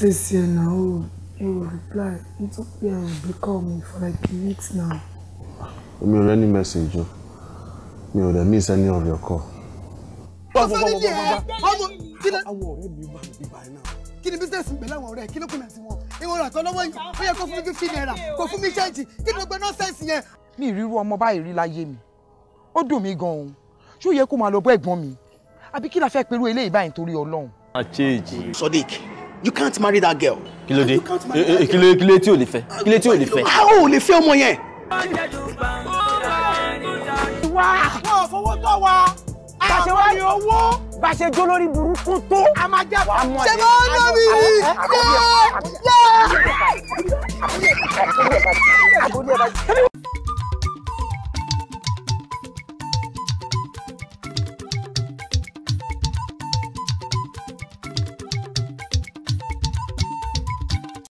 since here na oh you reply you too pay and be call me for like a week now. omi ò rẹ́ni message o mi ò dẹ̀ miss any of your call. ọ̀sán ní díẹ̀ ọmọ kí ni. àwọn ọ̀rẹ́ mi máa ń bí báyìí náà. kí ni bísíǹsì pẹ̀lú àwọn ọ̀rẹ́ kí ló kún ẹ̀sìn wọn ìwọ rà kan lọ́wọ́ yìí ó yẹ kó fún mi fifty naira kó fún mi ṣẹ́ǹtì kí ni gbogbo nọ́ọ̀sẹ̀sì yẹn. mi ìrírú ọmọ báyìí rí láyé mi ó dùn mí gan-an ṣé ó yẹ kó máa lọ bọ́ ẹ̀gbọ́n mi àbí kí la fẹ́ pẹ̀lú eléyìí báyìí torí Ọlọ́run. a change. Sodiq you can't marry that girl. kí ló dé kí ló kí ló tí ò lè fẹ́ kí ló tí ò lè a ò lè fẹ́ ọmọ yẹn. wá fowó tọ̀ wá àṣẹ wá ní owó bàṣẹ jó lórí burúkú tó. a máa jẹ́ àwọn ọmọ rẹ̀. ṣe máa ń lọ mi. yẹ yẹ.